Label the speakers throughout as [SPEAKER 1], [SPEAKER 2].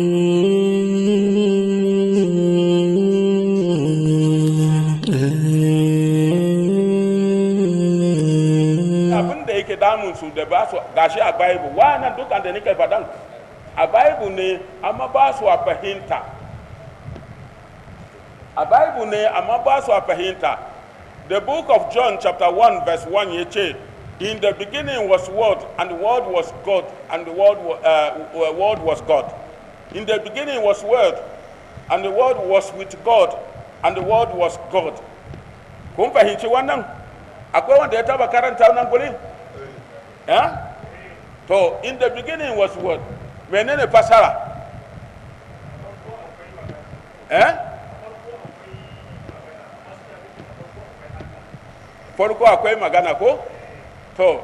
[SPEAKER 1] Eh.
[SPEAKER 2] abin da yake damun su da ba su gashi a bible wannan dukkan da a bible ne amma ba su a fahimta a bible ne amma ba su a fahimta the book of john chapter 1 verse 1 ya ce in the beginning was word and the word was god and the word, uh, word was god In the beginning was Word, and the Word was with God, and the Word was God. Kun fahimci wannan? Akwai wanda ya taba karanta wannan guri? Ya? To, eh? in the beginning was Word. Menene fasara? Eh? Farko akwai magana ko? To,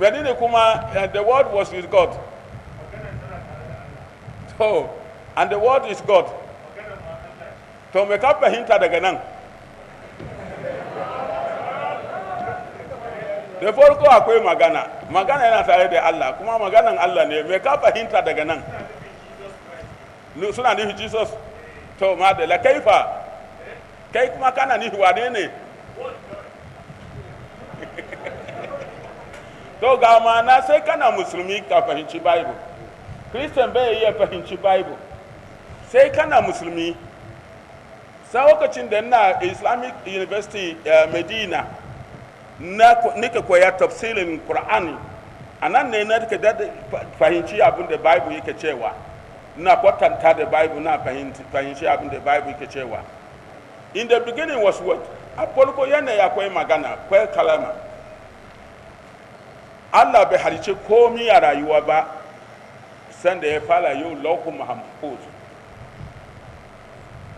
[SPEAKER 2] menene kuma eh, the Word was with God. oh and the word is god to me ka fahimta daga nan da farko akwai magana magana yana tare da allah kuma maganan allah ne me ka fahimta daga nan suna ni jesus to ma da la kaifa kai kuma kana ni wane ne to ga na sai kana musulmi ka fahimci bible kristan bai iya fahimci bible sai kana musulmi sai lokacin da na islamic university eh, medina nika koya tafsirin qur'ani a nan ne na fahimci abin da bible yake cewa na kwatanta da bible na fahimci abin da bible yake cewa in the beginning was what a farko yanayi akwai magana akwai kalama allah bai harice komi a rayuwa ba sanda ya fara yau lauhu mahfuz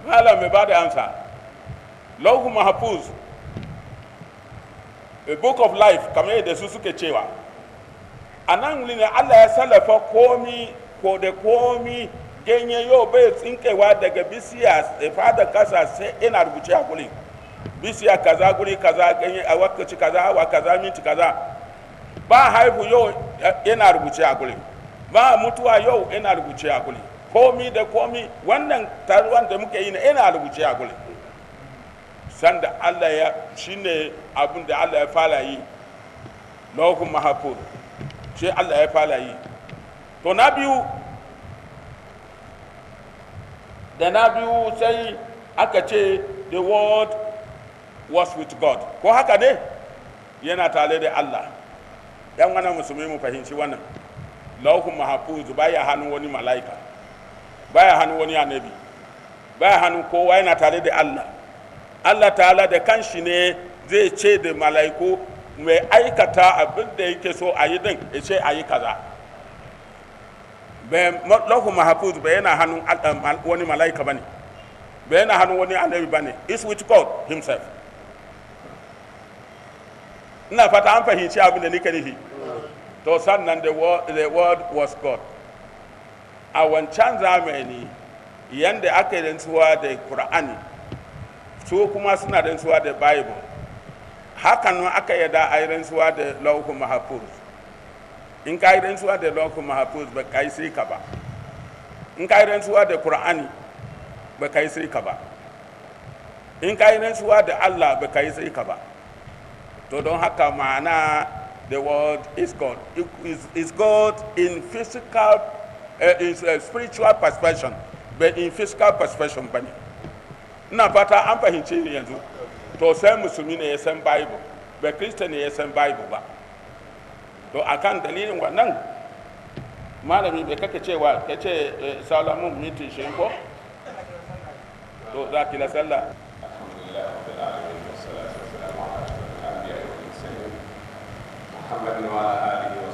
[SPEAKER 2] malam mai ba da amsa lauhu mahfuz a book of life kamar yadda su suke cewa a nan ne allah ya salafa komi ko da komi ganye yau bai tsinkewa daga bisiya tsefa da kasa sai ina rubuce a gulin bisiya kaza guri kaza ganye a wakaci kaza awa kaza minti kaza ba haifu yau yana rubuce a ba mutuwa yau ina rubuce a kuli komi da komi wannan taruwan da muke yi na ina rubuce a kuli sanda Allah ya ne abin da Allah ya fara yi lokun mahafur shi Allah ya fara yi to na biyu da na biyu sai aka ce the word was with God ko haka ne yana tare da Allah yan wannan musulmi mu fahimci wannan lauhun mahafuz baya hannun wani mala'ika baya hannun wani annabi baya hannun kowa yana tare da Allah Allah ta'ala da kanshi ne zai ce da mala'iku mai aikata abin da yake so a yi din ya ce a yi kaza lauhun mahafuz bai yana hannun um, wani mala'ika ba ne bai yana hannun wani annabi ba ne is with God himself ina fata an fahimci abin da nake nufi to sannan the word, the word was God a wancan zamani yadda aka yi rantsuwa da Kur'ani su kuma suna rantsuwa da Bible hakan nan aka yada a yi rantsuwa da lauhu mahafuz in ka yi rantsuwa da lauhu mahafuz ba ka yi sai ka ba in ka yi rantsuwa da Kur'ani ba ka yi sai ka ba in ka yi rantsuwa da Allah ba ka yi sai ka ba to don haka ma'ana the word is God. is, is God in physical, uh, eh, in uh, eh, spiritual perception, but in physical perception bani na Ina fata an fahimci yanzu. To say musulmi ne ya san Bible, ba Christian ne ya san Bible ba. To akan dalilin wannan malami bai kake cewa ka ce salamun mintin shi ko? To za ki la sallah.
[SPEAKER 1] Alhamdulillah,
[SPEAKER 3] محمد وعلى آله وصحبه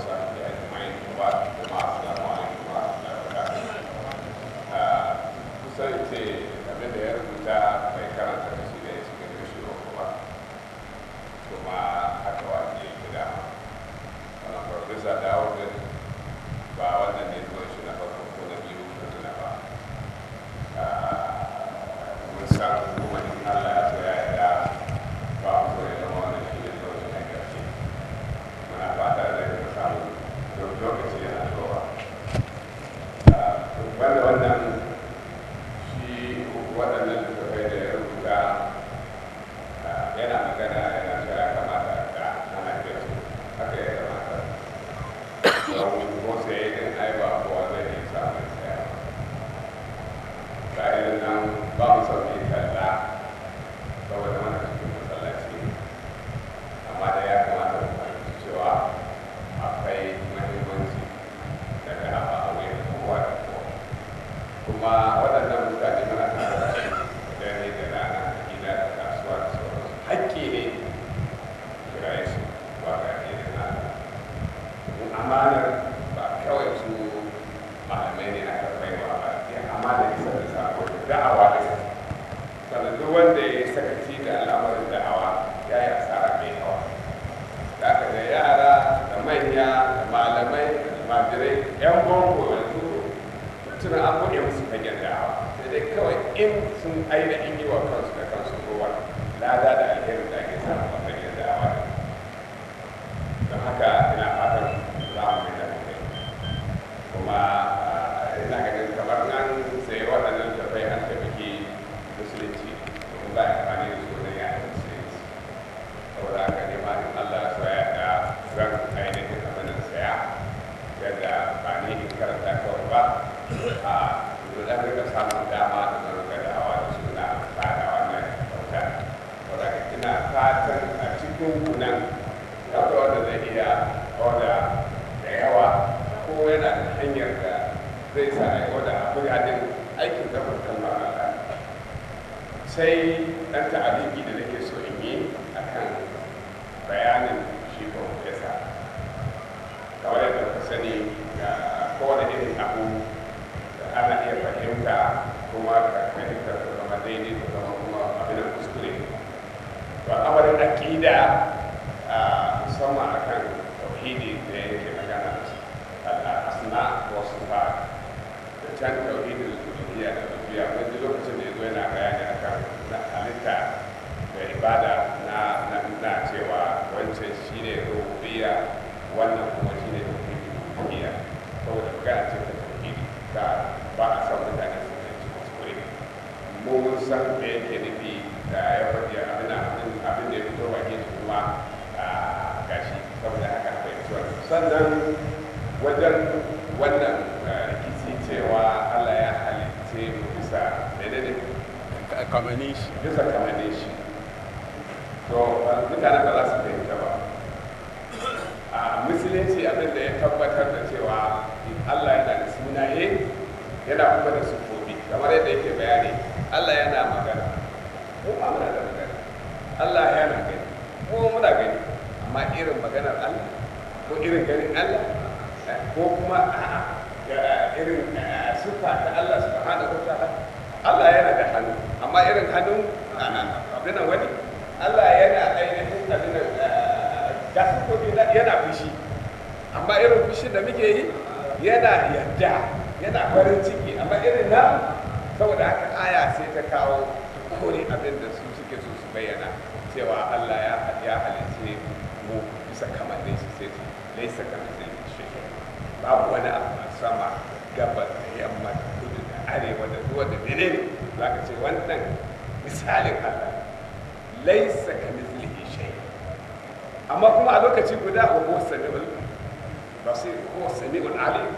[SPEAKER 3] sam'ul basir ko sami'ul alim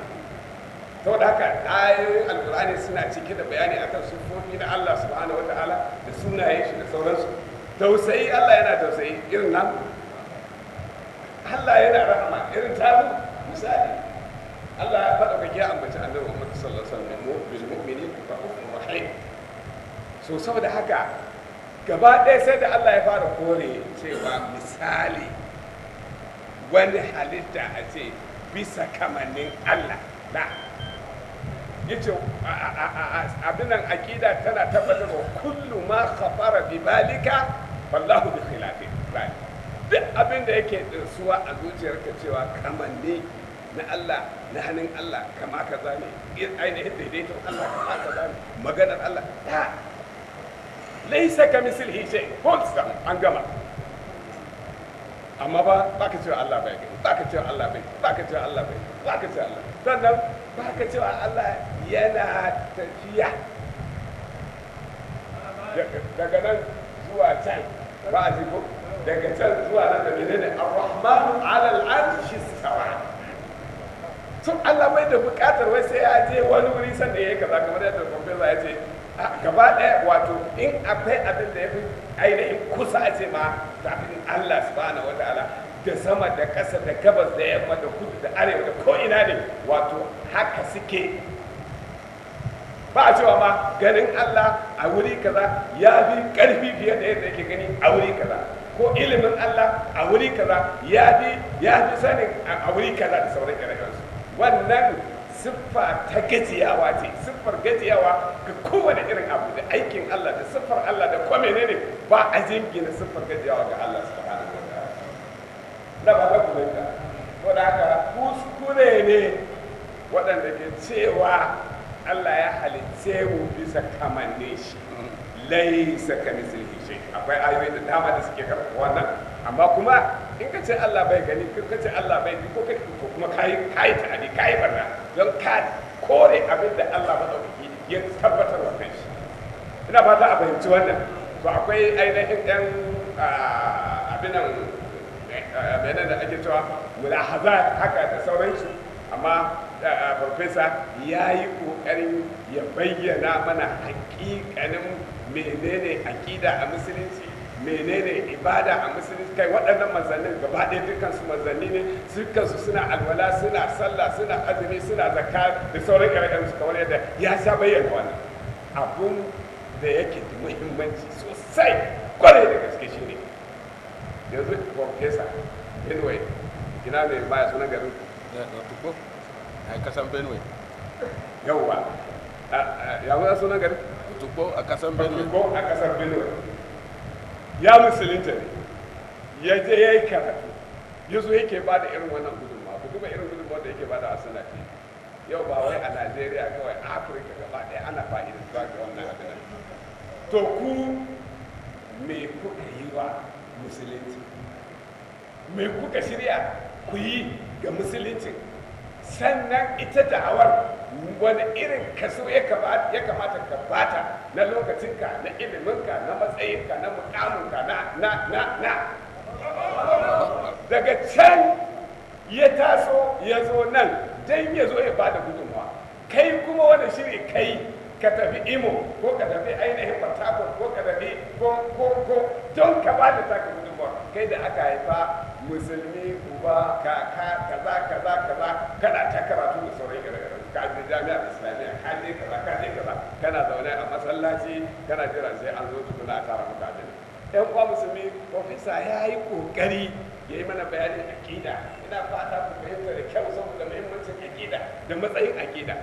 [SPEAKER 3] to da haka ayoyin alkur'ani suna cike da bayani akan sufofi na Allah subhanahu wataala da sunayen shi da sauransu tausayi Allah yana tausayi irin nan Allah yana rahama irin tamu misali Allah ya faɗa kake ambaci annabi Muhammad sallallahu alaihi wasallam bil mu'minin ra'ufur rahim so saboda haka gaba ɗaya sai da Allah ya fara kore cewa misali wani halitta a ce bisa kamannin Allah na yace abinan aƙida tana tabbatar wa kullu ma khafara bi balika wallahu bi khilafi bali duk abin da yake tsuwa a zuciyarka cewa kamanni na Allah na hannun Allah kama kaza ne ainihin daidaito Allah kama kaza ne maganar Allah ta laisa ka mislihi shay full an gama amma ba ba ka cewa Allah bai gani ba ka cewa Allah bai ba ka cewa Allah bai ba ka cewa Allah sannan ba ka cewa Allah yana tafiya daga nan zuwa can ba a ko daga can zuwa nan da menene ar-rahmanu ala al-arshi istawa tun Allah bai da bukatar wai sai ya je wani wuri sanda yake kaza kamar yadda professor ya ce gaba ɗaya wato in akwai abin da ya fi ainihin kusa a ce ma tafin Allah subhanahu wa ta'ala da sama da ƙasa da gabas da yamma da kudu da arewa da ko ina ne wato haka suke ba a cewa ma ganin Allah a wuri kaza ya fi ƙarfi fiye da yadda yake gani a wuri kaza ko ilimin Allah a wuri kaza ya fi ya sanin a wuri kaza da sauran ire wannan siffa ta gajiyawa ce siffar gajiyawa ga kowane irin abu da aikin Allah da siffar Allah da kome ne ba a jingina siffar gajiyawa ga Allah subhanahu wa na ba ta kuma ka ko da haka
[SPEAKER 4] kuskure ne
[SPEAKER 3] waɗanda ke cewa Allah ya halicce mu bisa kamanne shi laisa kamithlihi shay akwai ayoyi da dama da suke karɓa wannan amma kuma in ka ce Allah bai gani in ka ce Allah bai ko ka ko kuma kayi ta ne kai barna don ka kore abin da Allah madaukaki ya tabbatar wa kai ina fata a fahimci wannan to akwai ainihin ɗan abin nan eh, bayanan da ake cewa mulahazat haka da sauransu amma farfesa ya yi ƙoƙarin ya bayyana mana hakikanin menene aƙida a musulunci menene ibada a musulunci kai waɗannan manzannin gaba ɗaya dukkan su manzanni ne dukkan su suna alwala suna sallah suna azumi suna zakka da sauran ire-iren su kamar yadda ya sha bayyana wannan abun da yake da muhimmanci sosai kwarai da gaske shi ne yanzu kwamfesa benue gina mai baya sunan garin ku
[SPEAKER 2] eh, a kasan benue yawwa wuya sunan garin tukpo a kasan benue tukpo a kasan benue ya
[SPEAKER 3] musulunta ne ya je ya yi karatu ya zo yake ba da irin wannan gudunma ku kuma irin gudunma da yake ba da asana ke yau ba wai a najeriya kawai a afirka gaba ɗaya ana fa'idar ba ga wannan abin to ku me kuka yi wa musulunci me kuka shirya ku yi ga musulunci sannan ita da'awar wani irin kaso ya kamata ka bata na lokacinka na iliminka na matsayinka na mukaminka na na na na daga can ya taso ya zo nan don ya zo ya bada gudunmawa kai kuma wani shiri kai ka tafi imo ko ka tafi ainihin port ko ka tafi ko ko don ka bada taka gudunmawa kai da aka haifa musulmi uba kaka kaza kaza kaza kana ta karatu da sauran gare-gare ka je jami'ar islamiyya ka je kaza ka je kaza kana zaune a masallaci kana jira sai an zo tukuna a tara muka ajin ɗan uwa musulmi ofisa ya yi kokari ya yi mana bayanin akida ina fata ku fahimta da kyau saboda muhimmancin akida da matsayin akida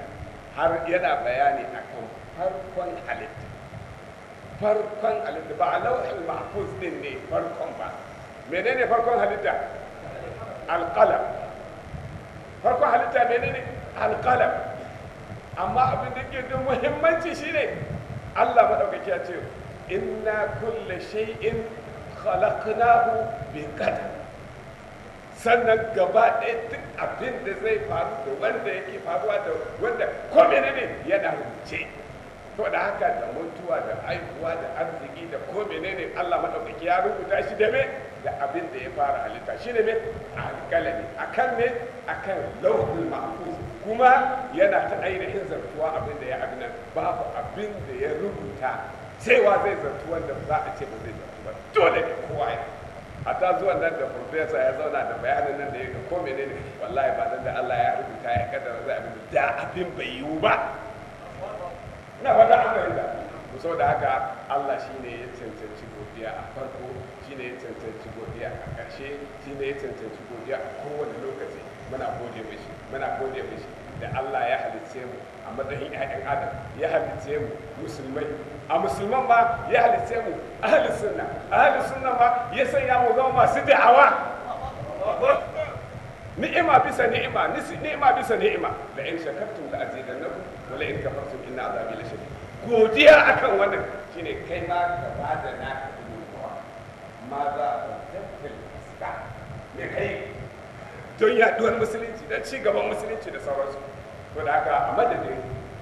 [SPEAKER 3] har yana bayani a kan farkon halitta farkon halitta ba a lauhin mahfuz din ne farkon ba menene farkon halitta alqalam farkon halitta menene alƙalam? amma abin da ke da muhimmanci shine Allah madaukaki ya ce inna kulle shay'in khalaqnahu bi qadar sannan gaba ɗaya duk abin da zai faru da wanda yake faruwa da wanda kome ne yana rubuce to da haka da mutuwa da aihuwa da arziki da ko ne Allah madaukaki ya rubuta shi da me da abin da ya fara halitta shi ne a kan ne a akan lauhul mahfuz kuma yana ta ainihin zartuwa abin da ya abin nan babu abin da ya rubuta cewa zai zartu wanda za a ce ba zai zartu ba dole ne kowa ya ta zuwa nan da profesa ya zauna da bayanin nan da ya ga ko menene wallahi ba nan da Allah ya rubuta ya kaddara zai abin da abin bai yiwu ba na fata so da haka Allah shi ne ya cancanci godiya a farko shi ne ya cancanci godiya a ƙarshe ne ya cancanci godiya a kowane lokaci muna gode mishi muna gode mishi da Allah ya halitce mu a matsayin 'ya'yan adam ya halitce mu musulmai a musulman ma ya halitce mu ahli sunna ahli sunna ma ya sanya mu zama masu da'awa ni'ima bisa ni'ima ni'ima bisa ni'ima la in shakartum la azidannakum wa la in kafartum inna azabi la shadid godiya akan wannan shi ne kai ma ka ba da naka gudunmawa ma za a da suka ne kai don yaduwar musulunci da ci gaban musulunci da sauransu to da haka a madadin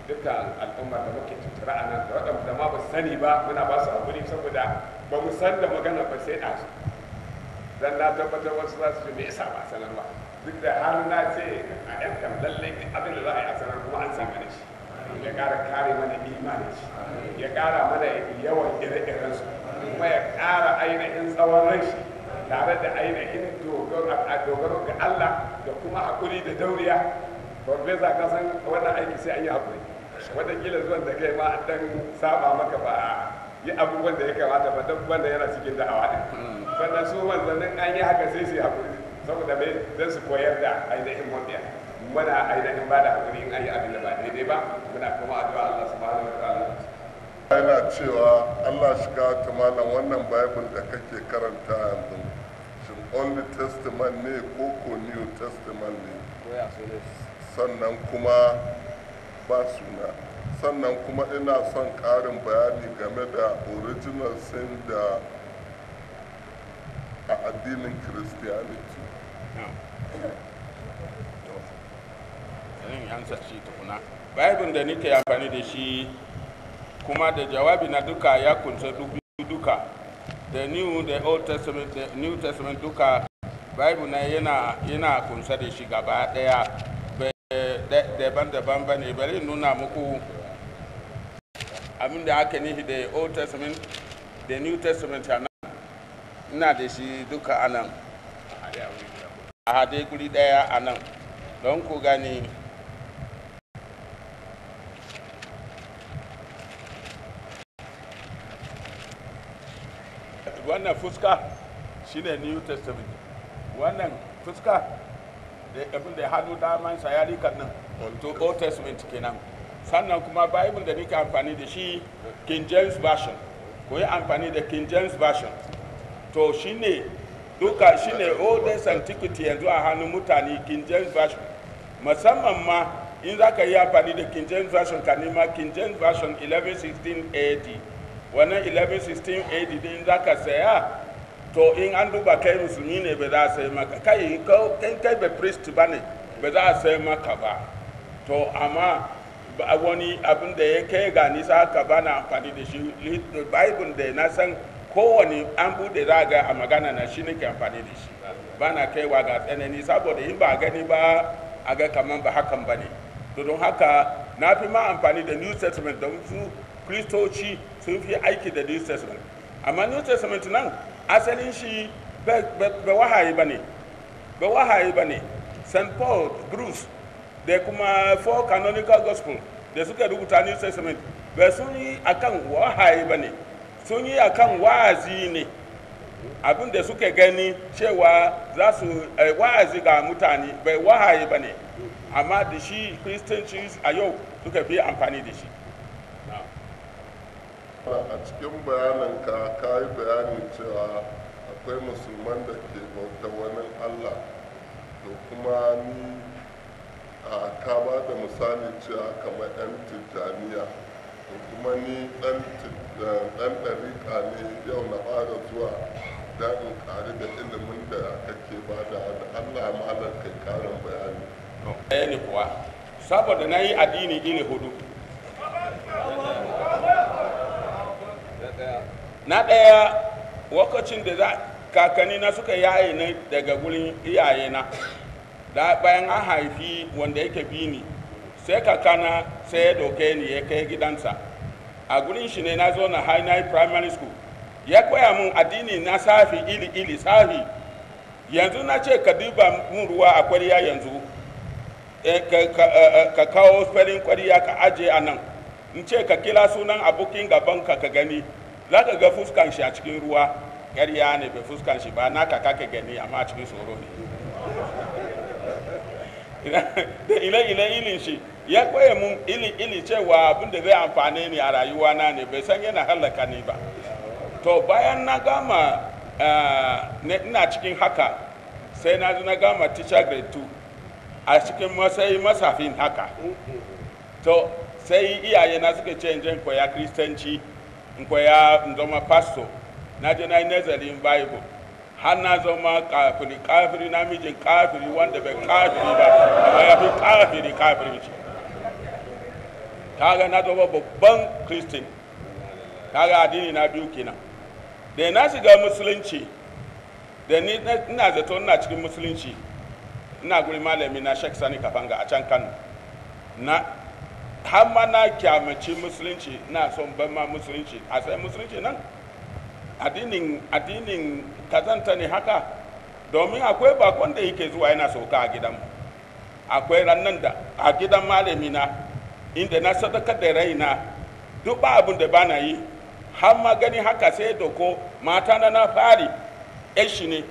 [SPEAKER 3] duka al'ummar da muke tutura a nan da waɗanda ma ba su sani ba muna ba su haƙuri saboda ba mu san da magana ba sai ɗazu dan na tabbatar wasu za su ji me yasa ba sanarwa duk da har na ce a kam lallai abin da za a yi a sanar kuma an same shi ya ƙara kare mana imani ya ƙara mana yawan ire-iren kuma ya ƙara ainihin tsawon rai tare da ainihin dogaro ga Allah da kuma haƙuri da dauriya farfesa ka san wannan aiki sai an yi haƙuri watakila zuwan da kai ma dan saba maka ba yi abubuwan da ya kamata ba dan wanda yana cikin da'awa din sannan su manzannin an yi haka sai su yi haƙuri saboda bai don su koyar da ainihin mabiya muna ainihin ba da hakuri in ayi abin da ba daidai ba muna kuma addu'a Allah subhanahu wa
[SPEAKER 2] ta'ala yana cewa Allah shi ka ta malam wannan bible da kake karanta yanzu shin old testament ne ko ko new testament ne sannan kuma ba suna sannan kuma ina son karin bayani game da original sin da a addinin christianity tukuna bible da nake amfani da shi kuma da jawabi na duka ya kunsa duka da new da old testament da new testament duka bible na yana yana kunsa da shi gaba daya daban-daban ba ne bari nuna muku abin da aka nihi da old testament da new testament a nan ina da shi duka a nan a haɗe guri daya a nan don ku gani wannan fuska shine new testament wannan fuska da abin da hannu sa ya rika nan to old testament kenan sannan kuma bible da nika amfani da shi king james version ko yi amfani da king james version to shine duka shine old testament yanzu a hannun mutane king james version musamman ma in za ka yi amfani da king james version ka nema king james version 1116 AD wannan 1116 din za ka saya to in an duba kai musulmi ne ba za a sai maka kai in kai ba priest ba ne ba za a sai maka ba to amma wani abin da ya kai ga nisa ka bana na amfani da shi bible da na san kowane an bude za ga a magana na shi nake amfani da shi ba na kaiwa ga tsanani saboda in ba gani ba a ga kaman ba hakan ba ne don haka na fi ma amfani da new settlement don su kristoci sun fi aiki da new testament amma new testament nan asalin shi ba wahayi ba ne ba wahayi ba ne st paul bruce da kuma four canonical gospel da suka rubuta new testament ba sun yi akan wahayi ba ne sun yi akan wa'azi ne abin da suka gani cewa za su eh, wa'azi ga mutane bai wahayi ba ne amma da shi kristanci a yau suka fi amfani da shi a cikin bayaninka ka yi bayani cewa akwai musulman da ke bauta wani allah to kuma ni a ka ba da misali cewa kamar 'yan tijjaniya to kuma ni ɗan ɗariƙa ne yau na fara zuwa don in ƙari da ilimin da kake ba da allah malar kai ƙarin bayani saboda na yi addini ne hudu na ɗaya lokacin da za kakanni na suka yaye ne daga gurin iyaye na da bayan an haifi wanda yake bi ni sai kakana sai ya doke ni ya kai gidansa a gurin shi ne na zo na high night primary school ya koya mun addini na safi ili ili safi yanzu na ce ka duba mun ruwa a kwariya yanzu eh, eh, eh, ka kawo farin kwariya ka aje a nan in ce ka kila sunan abokin gaban ka ka gani za ka ga fuskan shi a cikin ruwa ƙarya ne bai fuskan shi ba naka kake gani amma a cikin tsoro ne da ile-ile ilin shi ya kwaye mun ili-ili cewa abin da zai amfane ni a rayuwa na ne bai san yana hallaka ni ba to bayan na gama eh, ina cikin haka sai na na gama teacher grade 2 a cikin matsayi masafin haka to sai iyaye na suka ce in koya kristanci nkwe ya nzoma pasto na je na bible ha na zoma kafiri kafiri miji kafiri wanda bai kafiri ba amma ya fi kafiri kafiri ce kaga na zama babban kristin kaga addini na biyu kenan da na shiga musulunci da ni ina zato ina cikin musulunci ina guri malami na shek sani kafanga a can kano na har ma na kyamaci musulunci na son ban ma musulunci a sai musulunci nan addinin addinin kazanta ne haka domin akwai bakon da yake zuwa yana sauka a gidan akwai rannan da a gidan malamina inda na sadaka da raina duk ba abin da bana yi har ma gani haka sai da ko mata na na fari shi ne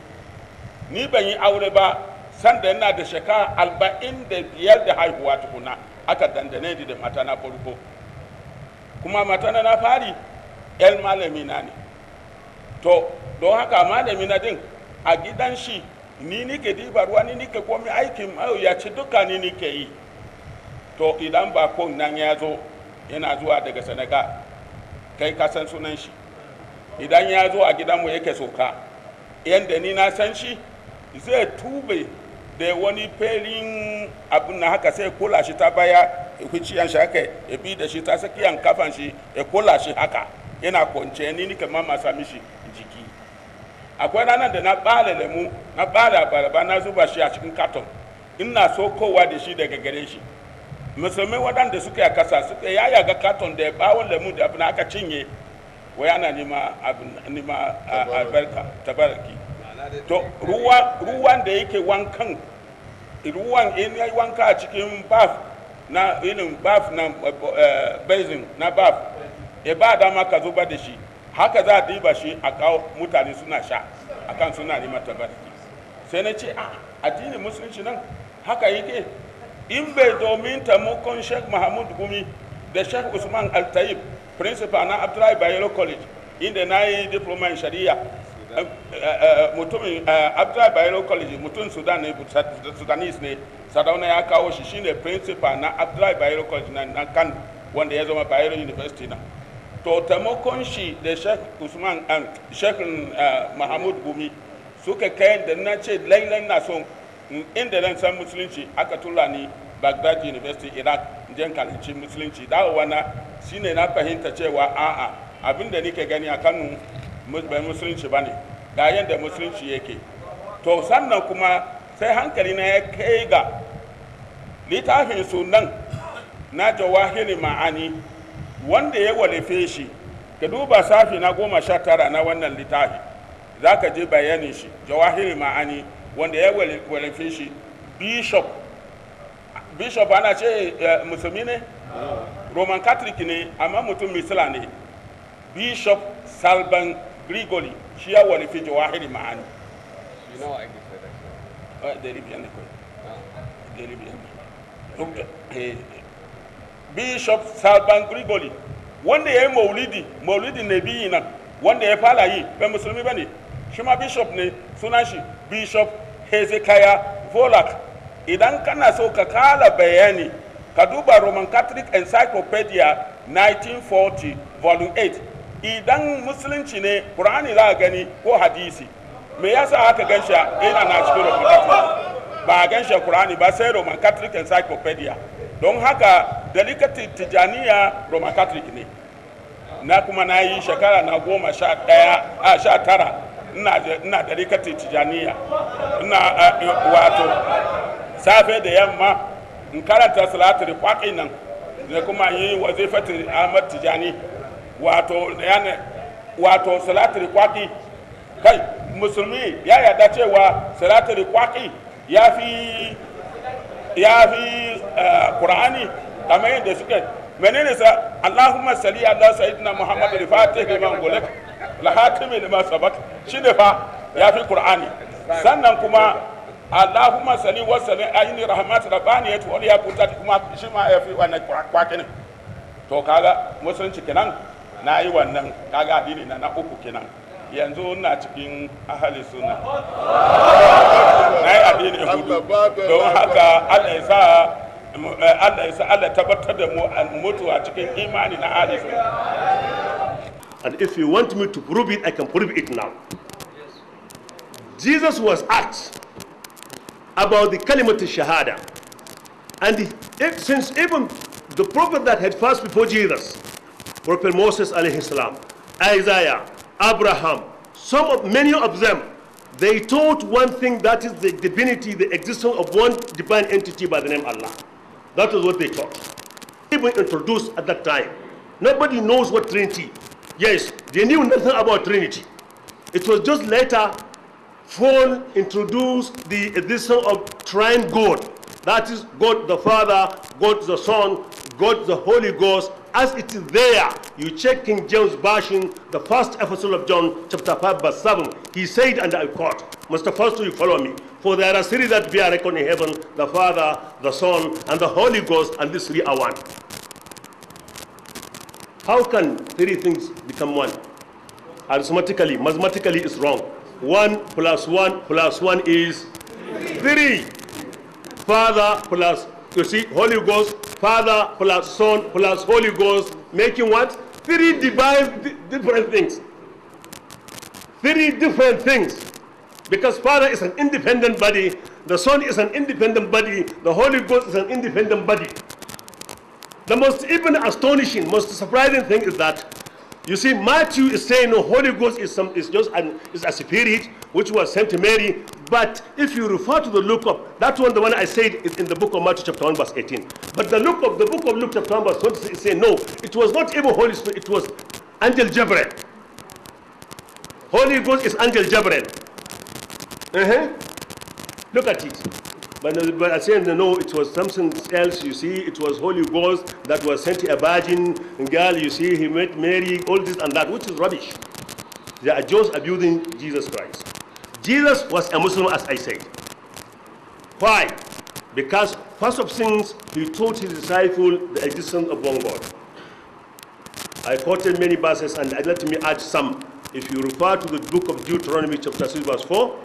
[SPEAKER 2] ni ban yi aure ba sanda yana da shekara arba'in da biyar da haihuwa tukuna aka dandane ni da mata na farko kuma mata na na fari yan malami na ne to don haka malami na din a gidan shi ni nike dibarwa ni nike komi aikin mawuyaci duka ni nike yi to idan bakon nan ya zo yana zuwa daga sanaka kai ka san sunan shi idan ya zo a gidanmu yake soka yadda ni na san shi zai tube da wani felin abin na haka sai kula shi ta baya huciyan shi haka ya e bi da shi ta sakiyan kafan shi ya e kula shi haka yana kwance ni ni kamar ma sami shi jiki akwai ranar da na bala lemu na bala baraba na zuba shi a cikin katon ina so kowa da shi daga gare shi musulmai waɗanda suka yi kasa suka yaya yaga katon da ya bawon lemu da abin aka cinye wai ana nima albarka tabaraki to ruwan da yake wankan ruwan in ya wanka a cikin baf na inin baf na eh, basin na baf ya ba dama ka zuba da shi haka za a diba shi a kawo mutane suna sha akan suna neman tabariki sai na ce a ah, addinin musulunci nan haka yake in bai domin taimakon sheikh mahmud gumi da sheikh usman altayib principal na abdullahi bayero college inda na yi diploma in shari'a mutumin eh, abdullahi bayero college mutum sudan ne sudanese ne sadauna ya kawo shi shine principal na abdullahi bayero college na kan wanda ya zama bayero university na to taimakon shi da sheikh usman eh, sheikh eh, mahmud gumi suka kai da na ce lailan na son inda nan san musulunci aka tura ni baghdad university iraq jan kalanci musulunci dawowa na shine na fahimta cewa a'a abinda nike gani a kanu bai musulunci ba ne ga yadda musulunci yake to sannan kuma sai hankali na ya kai ga littafin sunan na jawahiri ma'ani wanda ya walife shi ka duba safi na goma sha tara na wannan littafi za ka je bayanin shi jawahiri ma'ani wanda ya walife shi bishop bishop ana ce eh, musulmi ne roman catholic ne amma mutum misila ne bishop salban grigori shi ya wani fi jawahiri ma'ani uh, uh-huh. bishop salvan grigori wanda ya yi maulidi maulidi ne biyi nan wanda ya fala yi bai musulmi ba ne shi ma bishop ne sunan shi bishop hezekiah volak idan kana so ka kala bayani ka duba roman catholic encyclopedia 1940 volume 8 idan musulunci ne qur'ani za a gani ko hadisi me yasa aka gansha yana na cikin rubutu ba a gansha qur'ani ba sai roman catholic encyclopedia don haka dalikatin tijaniya roman catholic ne na kuma na yi shekara na goma sha daya a sha tara ina dalikatin tijaniya ina e, wato safe da yamma in karanta salatul faƙi nan ne kuma yi wazifatin ahmad tijani wato yana wato salatul kwaki kai musulmi ya yarda cewa salatul kwaki ya fi ya fi eh, qur'ani kamar yadda suke menene sa allahumma salli ala sayyidina muhammad al-fatih liman gulak la hatimi lima sabak shine ne fa ya fi qur'ani sannan kuma allahumma salli wa sallim ayni rahmat ya wa liya kuntat kuma shi ya fi wannan kwakin to kaga musulunci kenan na yi wannan kaga addini na na uku kenan yanzu na cikin ahali suna na yi addini hudu
[SPEAKER 1] don haka allah ya
[SPEAKER 2] sa eh, allah allah tabbatar da mutuwa cikin imani na ahali suna
[SPEAKER 4] and if you want me to prove it i can prove it now jesus was asked about the kalimat shahada and if, since even the prophet that had passed before jesus Prophet Moses alayhi salam, Isaiah, Abraham, some of, many of them, they taught one thing that is the divinity, the existence of one divine entity by the name Allah. That is what they taught. They were introduced at that time. Nobody knows what Trinity. Yes, they knew nothing about Trinity. It was just later Paul introduced the existence of Trine God. That is God the Father, God the Son, God the Holy Ghost, as it is there. You check King James version, the first epistle of John, chapter 5, verse 7. He said, and I quote, Mr. First, you follow me. For there are three that be reckoned in heaven, the Father, the Son, and the Holy Ghost, and these three are one. How can three things become one? Arithmetically, mathematically, it's wrong. One plus one plus one is three. Father plus you see, Holy Ghost, Father plus Son plus Holy Ghost, making what? Three divine different things. Three different things. Because Father is an independent body, the Son is an independent body, the Holy Ghost is an independent body. The most even astonishing, most surprising thing is that, you see, Matthew is saying the Holy Ghost is, some, is just an, is a spirit, which was sent to Mary. But if you refer to the look of, that one, the one I said is in the book of Matthew chapter 1 verse 18. But the look of the book of Luke chapter 1 verse 26 say no, it was not even Holy Spirit, it was angel Gabriel. Holy Ghost is angel Gabriel. Uh-huh. Look at it. But, uh, but I said no, it was something else, you see, it was Holy Ghost that was sent to a virgin girl, you see, he met Mary, all this and that, which is rubbish. They are just abusing Jesus Christ. Jesus was a Muslim, as I said. Why? Because first of things, he taught his disciple the existence of one God. I quoted many verses, and let me add some. If you refer to the book of Deuteronomy, chapter 6, verse 4,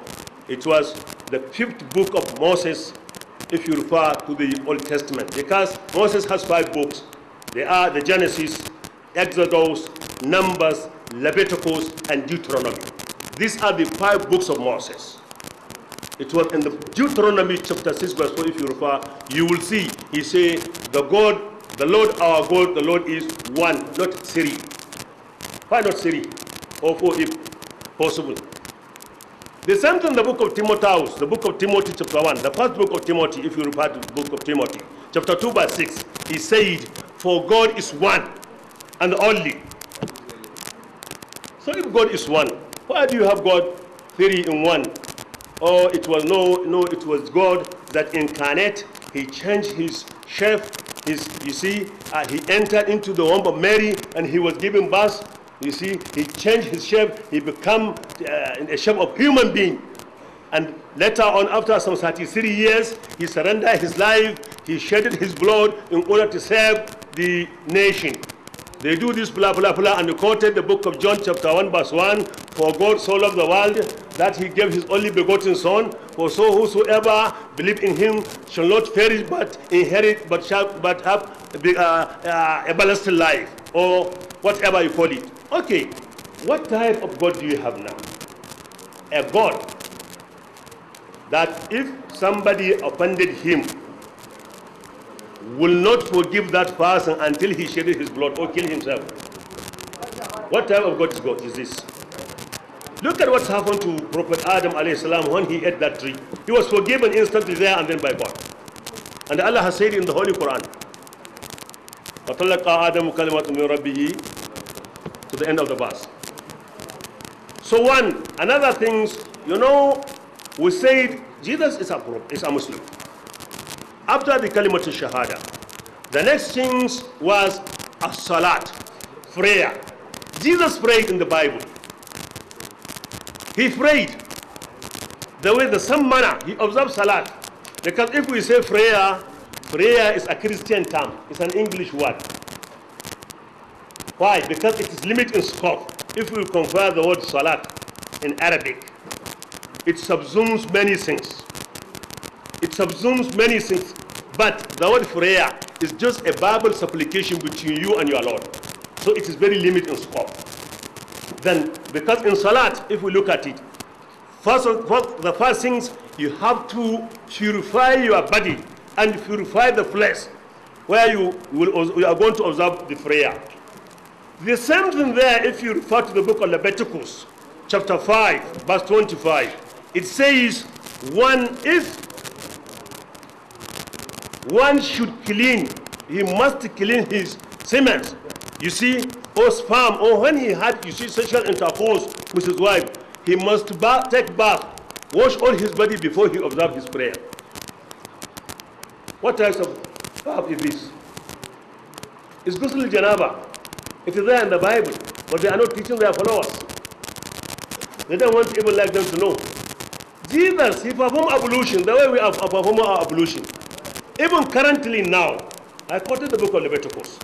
[SPEAKER 4] it was the fifth book of Moses, if you refer to the Old Testament. Because Moses has five books. They are the Genesis, Exodus, Numbers, Leviticus, and Deuteronomy. These are the five books of Moses. It was in the Deuteronomy chapter 6 verse 4 if you refer, you will see, he say, the God, the Lord our God, the Lord is one, not three. Why not three or four if possible? The same thing in the book of Timotheus, the book of Timothy chapter 1, the first book of Timothy, if you refer to the book of Timothy, chapter 2 verse 6, he said, for God is one and only. So if God is one, why do you have God three in one? Oh, it was no, no, it was God that incarnate. He changed his shape. His, you see, uh, he entered into the womb of Mary and he was given birth. You see, he changed his shape. He became uh, shape of human being. And later on, after some 33 years, he surrendered his life. He shedded his blood in order to save the nation. They do this blah blah blah and quoted the book of John chapter 1 verse 1 For God so loved the world that he gave his only begotten son for so whosoever believe in him shall not perish but inherit but shall but have a, uh, uh life or whatever you call it. Okay, what type of God do you have now? A God that if somebody offended him will not forgive that person until he sheds his blood or kill himself. What type of God is God is this? Look at what's happened to Prophet Adam salam when he ate that tree. He was forgiven instantly there and then by God. And Allah has said in the Holy Quran, to the end of the verse. So one, another thing, you know, we said Jesus is a, is a Muslim after the kalimat shahada. The next things was a salat prayer. Jesus prayed in the Bible. He prayed the way the same manner he observed salat. Because if we say prayer, prayer is a Christian term. It's an English word. Why? Because it is limited in scope. If we compare the word salat in Arabic, it subsumes many things. It subsumes many things, but the word prayer is just a verbal supplication between you and your Lord. So it is very limited in scope. Then, because in Salat, if we look at it, first, of all, the first things you have to purify your body and purify the flesh where you, will, you are going to observe the prayer. The same thing there, if you refer to the book of Leviticus, chapter 5, verse 25, it says, one, if one should clean, he must clean his semen. You see, or sperm, or when he had, you see, sexual intercourse with his wife, he must take bath, wash all his body before he observe his prayer. What types of bath is this? It's Ghusl Janaba. It is there in the Bible, but they are not teaching their followers. They don't want people like them to know. Jesus, he performed ablution the way we are performing our ablution. Even currently now, I quoted the book of Leviticus.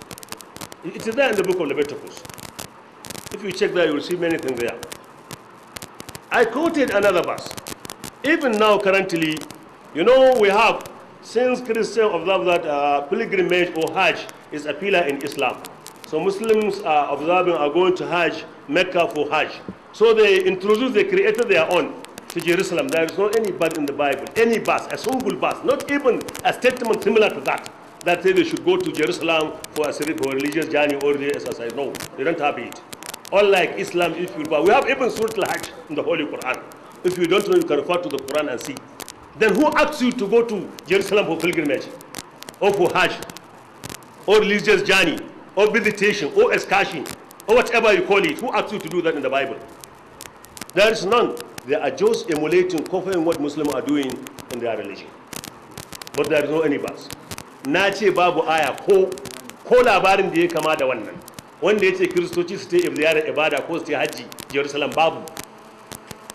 [SPEAKER 4] It is there in the book of Leviticus. If you check there, you will see many things there. I quoted another verse. Even now, currently, you know, we have, since Christians observe that uh, pilgrimage or Hajj is a pillar in Islam. So Muslims are uh, observing, are going to Hajj, Mecca for Hajj. So they introduced, they created their own to Jerusalem. There is not any bus in the Bible, any bus, a single bus. not even a statement similar to that, that says they should go to Jerusalem for a, for religious journey or the exercise. No, they don't have it. Unlike Islam, if you, we have even Surah Al-Hajj in the Holy Quran. If you don't know, you can refer to the Quran and see. Then who asks you to go to Jerusalem for pilgrimage or for Hajj or religious journey or visitation or excursion or whatever you call it? Who asks you to do that in the Bible? There is none. they are just emulating, copying what Muslims are doing in their religion. But there is no any verse. Na ce babu aya ko ko labarin da ya kama da wannan. Wanda ya ce Kiristoci su ta ziyarar ibada ko su ta haji Jerusalem babu.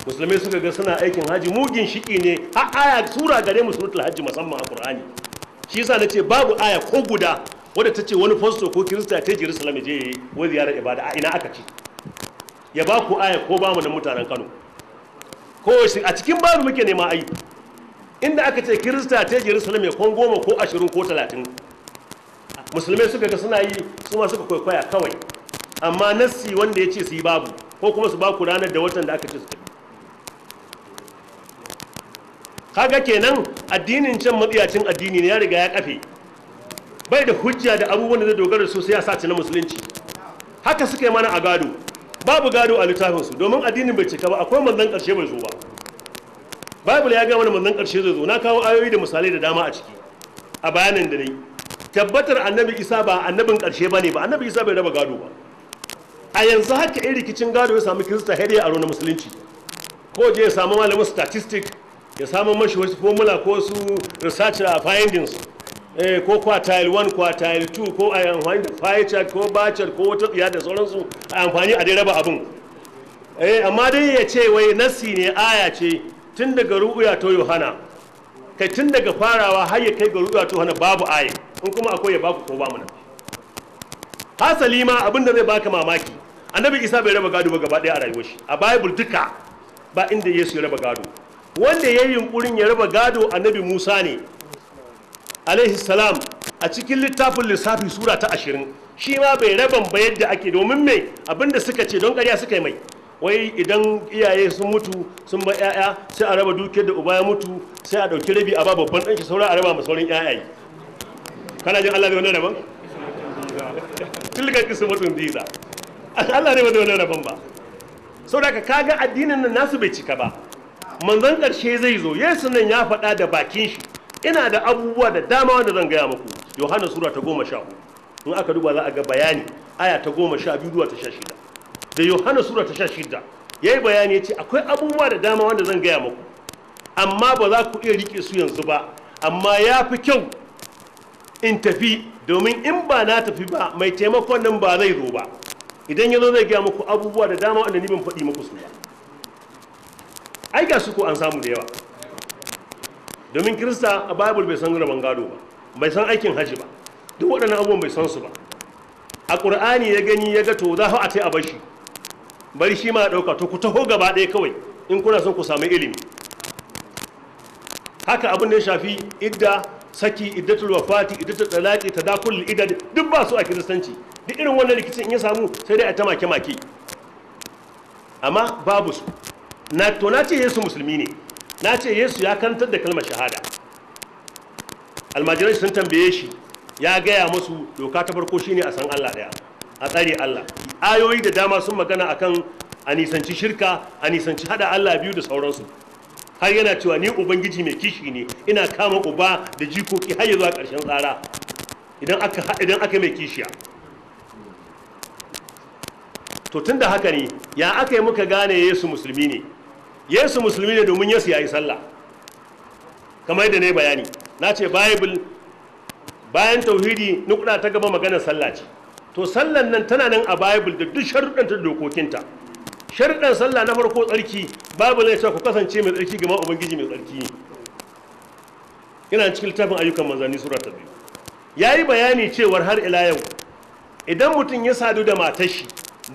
[SPEAKER 4] Musulmai suka ga suna aikin haji mugin shiki ne a aya sura gare mu suratul haji musamman a Qur'ani. Shi yasa na ce babu aya ko guda wadda ta ce wani fosto ko kirista ta Jerusalem je yi wai ziyarar ibada a ina aka ce. Ya ba ku aya ko ba mu nan mutanen Kano. ko shi a cikin babu muke nema ayi. inda aka ce kirista ta jerusalem ya kwan goma ko ashirin ko talatin musulmai suka ga suna yi su ma suka kwaikwaya kawai amma nassi wanda ya ce su yi babu ko kuma su baku ranar da watan da aka ce su tafi kaga kenan addinin can matsiyacin addini ne ya riga ya kafe bai da hujja da abubuwan da zai dogara su sai ya sace na musulunci haka suka yi mana a gado babu gado a littafinsu domin addinin bai cika ba akwai manzan ƙarshe bai zo ba bible ya gama mana manzan karshe zai zo na kawo ayoyi da misalai da dama a ciki a bayanin da nayi tabbatar annabi isa ba annabin karshe ba ne ba annabi isa bai raba gado ba a yanzu haka irin rikicin gado ya samu kirista har ya aro na musulunci ko je ya samu malamin statistic ya samu mashi wasu fomula ko su research a findings eh ko kwatayil 1 kwatayil 2 ko a amfani da pie chart ko Bacar, ko wata tsiya da sauransu a amfani a dai raba abin eh amma dai ya ce wai nasi ne aya ce tun daga ru'uya ta yohana kai tun daga farawa har ya kai ga ru'uya ta yohana babu aya in kuma akwai ya baku ko ba muna hasali ma abin da zai baka mamaki annabi isa bai raba gado ba gaba ɗaya a rayuwar shi a bible duka ba inda yesu ya raba gado wanda yayin kurin ya raba gado annabi musa ne alaihi salam a cikin littafin lissafi sura ta ashirin shi ma bai rabin ba yadda ake domin mai abinda suka ce don ƙarya suka yi mai wai idan iyaye sun mutu sun ba 'ya'ya sai a raba dukiyar da uba ya mutu sai a ɗauki rabi a ba babban ɗanki saura a raba ma sauran 'ya'yayi kana jin allah bai wannan rabon tilgar kismatun ziza allah ne wani wannan rabon ba saboda ka kaga addinin nan nasu bai cika ba manzon ƙarshe zai zo yesu nan ya faɗa da bakin shi ina da abubuwa da dama wanda zan gaya muku yohana sura ta goma sha in aka duba za a ga bayani aya ta goma sha biyu zuwa ta sha shida da yohana sura ta sha shida ya yi bayani ya ce akwai abubuwa da dama wanda zan gaya muku amma ba za ku iya rike su yanzu ba amma ya fi kyau in tafi domin in ba na tafi ba mai taimakon nan ba zai zo ba idan ya zo zai gaya muku abubuwa da dama wanda ni ban faɗi muku su ba ai ga su ko an samu da yawa domin kirista a bible bai san raban gado ba bai san aikin haji ba duk waɗannan abubuwan bai san su ba a ƙur'ani ya gani ya ga to za a ce a bashi bari shi ma ɗauka to ku taho gaba ɗaya kawai in kuna son ku samu ilimi haka abin da ya shafi idda saki iddatul wafati iddatul talaqi tadakul idad duk ba su a kiristanci duk irin wannan rikicin in ya samu sai dai a ta make make amma babu su na to na ce yesu musulmi ne na ce yesu ya kantar da kalmar shahada almajirai sun tambaye shi ya gaya musu doka ta farko shine a san allah daya a tsare allah ayoyi da dama sun magana akan a nisanci shirka a nisanci hada allah biyu da sauransu har yana cewa ni ubangiji mai kishi ne ina kama uba da jikoki har ya zuwa karshen tsara idan aka mai kishiya to tunda haka ne ya aka yi muka gane yesu musulmi ne yesu musulmi ne domin yesu ya yi sallah kamar yadda ne bayani na ce bible bayan tauhidi nukuda ta gaba maganar sallah ce to sallan nan tana nan a bible da duk sharuɗan ta dokokinta sharuɗan sallah na farko tsarki babu ne ku kasance mai tsarki gama ubangiji mai tsarki ne yana cikin littafin ayyukan manzanni sura ta biyu ya yi bayani cewar har ila yau idan mutum ya sadu da matar shi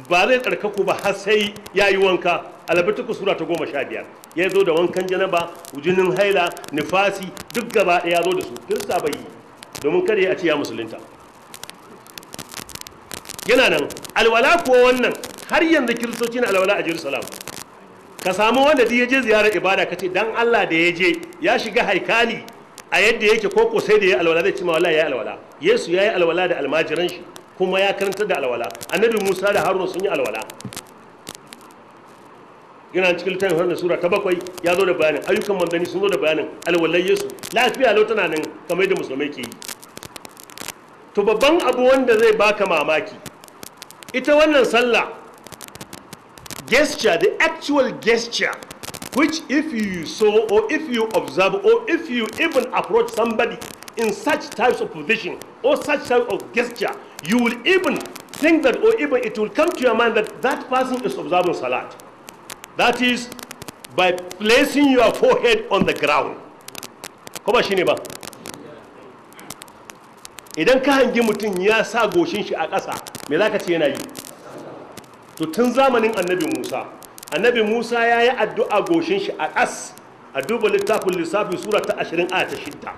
[SPEAKER 4] ba zai tsarkaku ba har sai ya yi wanka albatuku sura ta goma sha biyar ya zo da wankan janaba jinin haila nifasi duk gaba ɗaya zo da su kirista bai yi domin kada ya ce ya musulunta yana nan alwala kuwa wannan har yanzu kiristoci na alwala a jerusalem ka samu wanda ya je ziyarar ibada ka ce dan allah da ya je ya shiga haikali a yadda yake ko sai da ya alwala zai ci mawala ya yi alwala yesu ya yi alwala da almajiran shi kuma ya karanta da alwala annabi musa da haruna sun yi alwala yana cikin littafin wannan sura ta bakwai ya zo da bayanin ayyukan manzanni sun zo da bayanin alwalai yesu lafiya lau tana nan kamar yadda musulmai ke yi to babban abu wanda zai baka mamaki ita wannan sallah gesture the actual gesture which if you saw or if you observe or if you even approach somebody in such types of position or such type of gesture you will even think that or even it will come to your mind that that person is observing salat that is by placing your forehead on the ground kuma shi ne ba idan ka hangi mutum ya sa goshin shi a ƙasa mai za ka ce yana yi to tun zamanin annabi musa annabi musa ya yi addu'a goshin shi a ƙas a duba littafin lissafin sura ta ashirin a ta shidda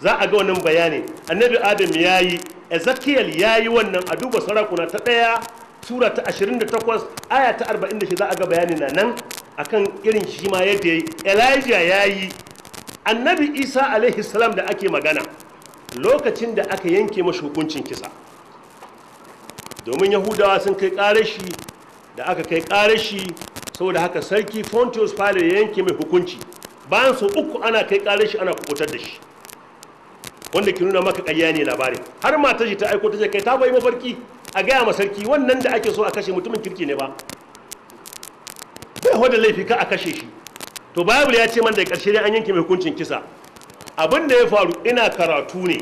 [SPEAKER 4] za a ga wannan bayani annabi adam ya yi ezekiel ya yi wannan a duba sarakuna ta ɗaya sura ta 28 aya ta 46 za a ga bayani na nan a kan irin shi ma yadda yi Elijah yi annabi Isa alaihi salam da ake magana lokacin da aka yanke mashi hukuncin kisa domin yahudawa sun kai karashi da aka kai ƙare shi saboda haka sarki Pontius Pilate ya yanke mai hukunci bayan sau uku ana kai ƙare ana kukutar da shi wanda ki nuna maka ƙayya ne labarin har ta shi ta aiko ta ce kai ta bai mafarki a gaya ma sarki wannan da ake so a kashe mutumin kirki ne ba bai hoda laifi ka a kashe shi to bible ya ce man da karshe dai an yanke mai hukuncin kisa abin da ya faru ina karatu ne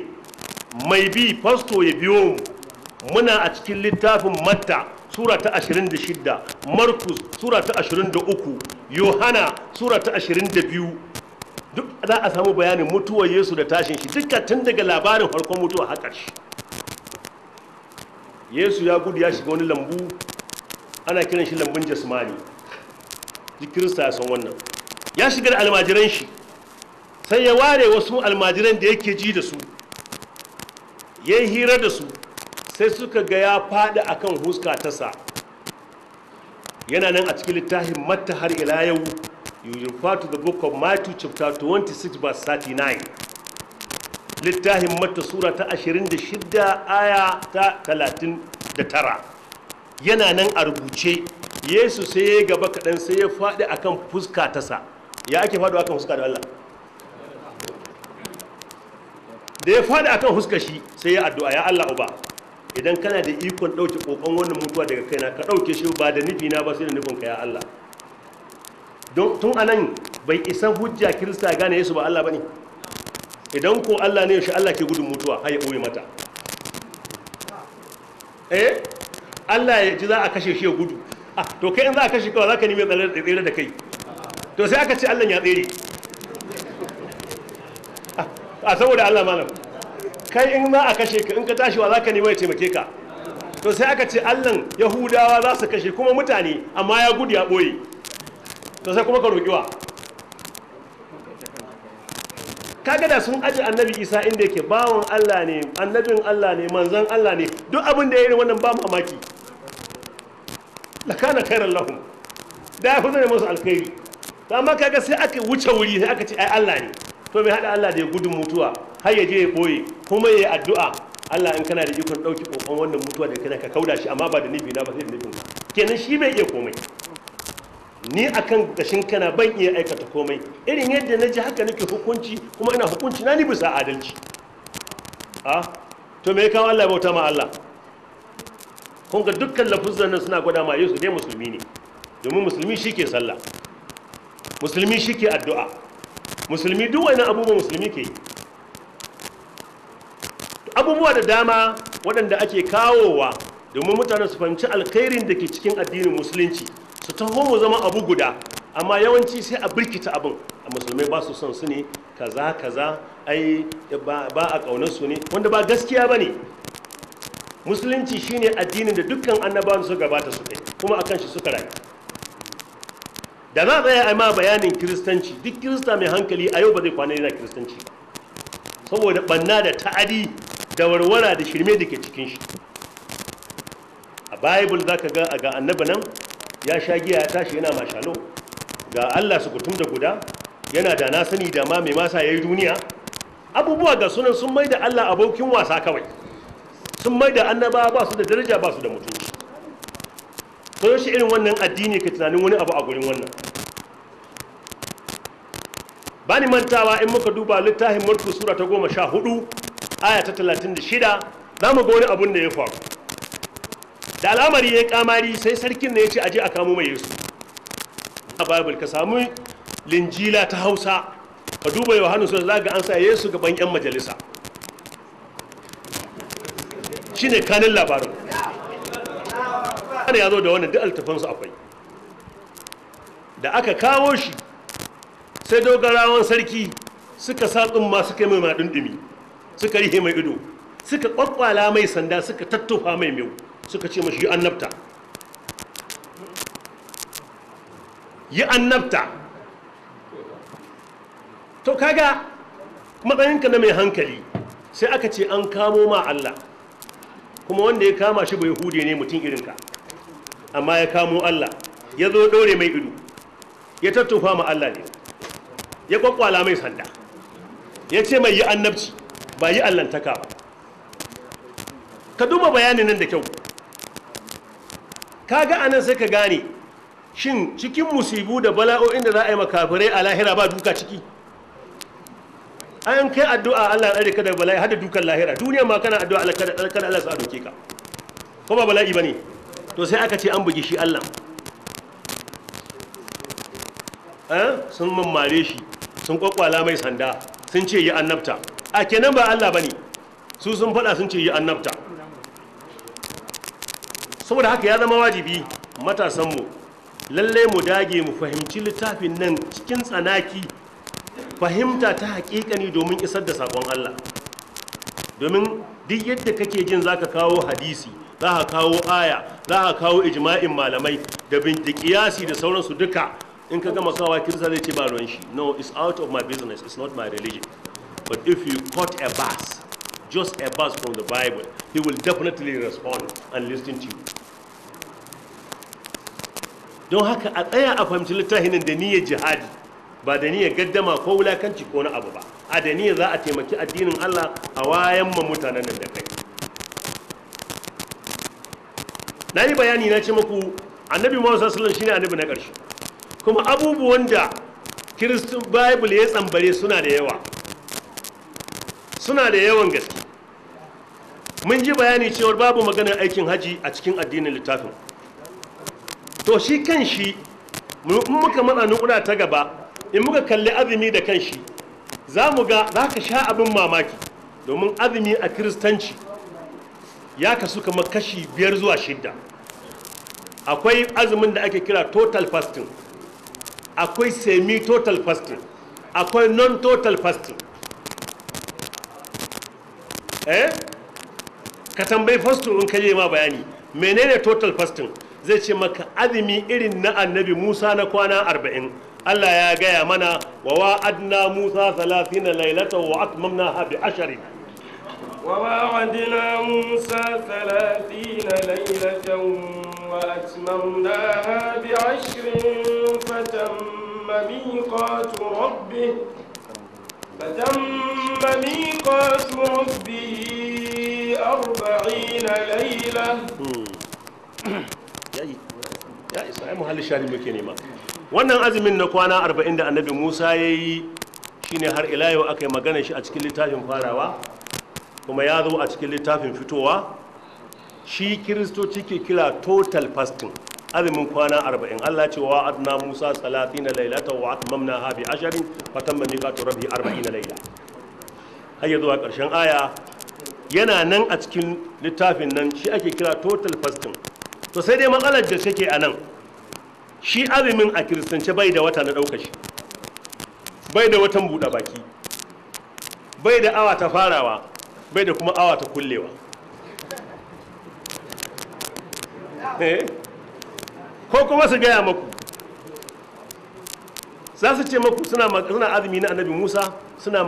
[SPEAKER 4] mai bi fasto ya biyo mu muna a cikin littafin matta sura ta 26 markus sura ta 23 yohana sura ta 22 duk za a samu bayanin mutuwar yesu da tashin shi duka tun daga labarin farkon mutuwa har shi. yesu ya gudu ya shiga wani lambu ana kiran shi lambun jasmani kirista ya san wannan ya shiga da almajiran shi sai ya ware wasu almajiran da yake ji da su ya yi hira da su sai suka ga ya faɗi kan huska tasa yana nan a cikin littafin mata har ila yau you fatu da book of matthew chapter 26 verse 39 littafin mata sura ta 26 aya ta 39 yana nan a rubuce yesu sai ya gaba kaɗan sai ya faɗi a kan fuska tasa ya ake faɗo kan fuska da Allah da ya faɗi kan fuska shi sai ya addu'a ya Allah uba idan kana da ikon ɗauke ƙoƙon wannan mutuwa daga kaina ka ɗauke shi ba da nufi na ba sai da nufin ka ya Allah don tun anan bai isa hujja kirista gane yesu ba Allah ba ne idan ko Allah ne shi Allah ke gudun mutuwa har ya mata eh Allah ya ji za a kashe shi ya gudu ah to kai in za a kashe kawai za ka nime tsere da kai to sai aka ce Allah ya tsere a ah, ah, saboda Allah malam kai in za a kashe ka in ka tashi wa za ka nime ya taimake ka to sai aka ce allan yahudawa za su kashe kuma mutane amma ya gudu ya ɓoye to sai kuma ka roƙiwa kaga da sun aji annabi isa inda yake bawon allah ne annabin allah ne manzan allah ne duk abin da ya yi wannan ba mamaki lakana khairan lahum da ya fi zane masu alkhairi ta amma kaga sai aka wuce wuri sai aka ce ai allah ne to mai hada allah da ya gudun mutuwa har ya je ya boye kuma ya yi addu'a allah in kana da ikon ɗauki ƙoƙon wannan mutuwa da kana ka kauda shi amma ba da nufi na ba sai da nufin kenan shi bai iya komai ni akan ƙashin kana ban iya aikata komai irin yadda na ji haka nake hukunci kuma ina hukunci na ni bisa adalci a to mai kawo Allah bauta ma Allah kun ga dukkan lafuzan nan suna gwada ma Yesu dai musulmi ne domin musulmi shi ke sallah musulmi shi ke addu'a musulmi duk wani abubuwan musulmi ke yi abubuwa da dama waɗanda ake kawowa domin mutane su fahimci alkhairin da ke cikin addinin musulunci su taho mu zama abu guda amma yawanci sai a birkita abin a musulmai ba su son su ne kaza kaza ai ba a ƙaunar su ne wanda ba gaskiya ba ne musulunci shine addinin da dukkan annabawan su gabata su kai kuma akan shi suka rayu da za a tsaya a ma bayanin kiristanci duk kirista mai hankali a yau ba zai kwana yana kiristanci saboda banna da ta'adi da warwara da shirme da ke cikin shi a bible za ka ga a ga annabi nan ya sha giya ya tashi yana mashalo ga Allah su kutum da guda yana da na sani da ma mai masa ya yi duniya abubuwa ga sunan sun mai da Allah abokin wasa kawai sun mai da annaba ba su da daraja ba su da mutunci to shi irin wannan addini ka tunanin wani abu a gurin wannan bani mantawa in muka duba littafin murku sura ta goma sha hudu aya ta talatin da shida za mu ga wani abun da ya faru da al'amari ya yi kamari sai sarkin ne ya ce aje a kamo mai yesu a bible ka samu linjila ta hausa ka duba yohanu sun zaga an sa yesu gaban yan majalisa Shi ne kanin labarin ya zo da wani duk altafansu akwai da aka kawo shi sai dogarawan sarki suka sa tsumma suka yi mai maɗin suka rihe mai ido suka kwakwala mai sanda suka tattofa mai mewu suka ce mashi yi annabta yi annabta to kaga matsayinka na mai hankali sai aka ce an kamo ma Allah kuma wanda ya kama shi bai hude ne mutum irinka amma ya kamo Allah ya zo ɗore mai ido ya tattufa ma Allah ne ya kwakwala mai sanda ya ce mai yi annabci ba yi allantaka ba ka duba bayanin nan da kyau kaga anan sai ka gane shin cikin musibu da bala'o'in da za a yi makafirai a lahira ba duka ciki an kai addu'a Allah ya ka da bala'i hada dukan lahira duniya ma kana addu'a Allah kada Allah sa doke ka ko ba bala'i bane to sai aka ce an bugi shi Allah eh sun mammare shi sun kwakwala mai sanda sun ce yi annabta a kenan ba Allah bane su sun faɗa sun ce yi annabta saboda haka ya zama wajibi matasanmu lallai mu dage mu fahimci littafin nan cikin tsanaki fahimta ta haƙiƙani domin isar da saƙon Allah domin duk yadda kake jin zaka kawo hadisi za ka kawo aya za ka kawo ijma'in malamai da bintikiyasi da sauransu duka in ka gama kawa kirista zai ce ba ruwan shi no it's out of my business it's not my religion but if you cut a bus just a bus from the bible he will definitely respond and listen to you don haka a tsaya a fahimci littafin da niyyar jihadi ba da niyya gaddama ko wulakanci ko na abu ba a da niyya za a taimaki addinin Allah a wayan ma mutanen da kai na yi bayani na ce muku annabi Musa sallallahu shine annabi na ƙarshe kuma abubuwan da kiristin Bible ya tsambare suna da yawa suna da yawan gaske mun ji bayani cewar babu maganar aikin haji a cikin addinin littafin to shi kan shi in muka mana nukuna ta gaba in muka kalli azumi da kan shi za mu ga za ka sha abin mamaki domin azumi a kiristanci ya kasu kamar kashi biyar zuwa shidda akwai azumin da ake kira total fasting akwai semi total fasting akwai non total fasting eh ka tambayi fasting in ka ma bayani menene total fasting zai ce maka azumi irin na annabi musa na kwana arba'in allah ya gaya mana wa wa'adna musa salatina lailata wa atmamna ha bi ashari
[SPEAKER 5] وواعدنا موسى ثلاثين ليلة
[SPEAKER 1] وأتممناها
[SPEAKER 2] بعشر فتم ميقات ربه فتم ميقات ربه أربعين ليلة
[SPEAKER 4] yayi ya isa ai muhalli shari muke nema wannan azumin na kwana 40 da annabi Musa yayi shine har ila yau aka yi magana shi a cikin littafin farawa kuma ya zo a cikin littafin fitowa shi kiristoci ke kira total fasting azumin kwana arba'in Allah ce wa adna Musa salati na lailata wa atmamna ha bi asharin fatan ma miqatu rabbi arba'in laila har zuwa karshen aya yana nan a cikin littafin nan shi ake kira total fasting to sai dai matsalar da take a nan shi azumin a kiristance bai da wata na ɗauka shi bai da watan buɗe baki bai da awa ta farawa bai da kuma awa ta kullewa eh? ko kuma su gaya maku za su ce maku suna azumi na annabi musa suna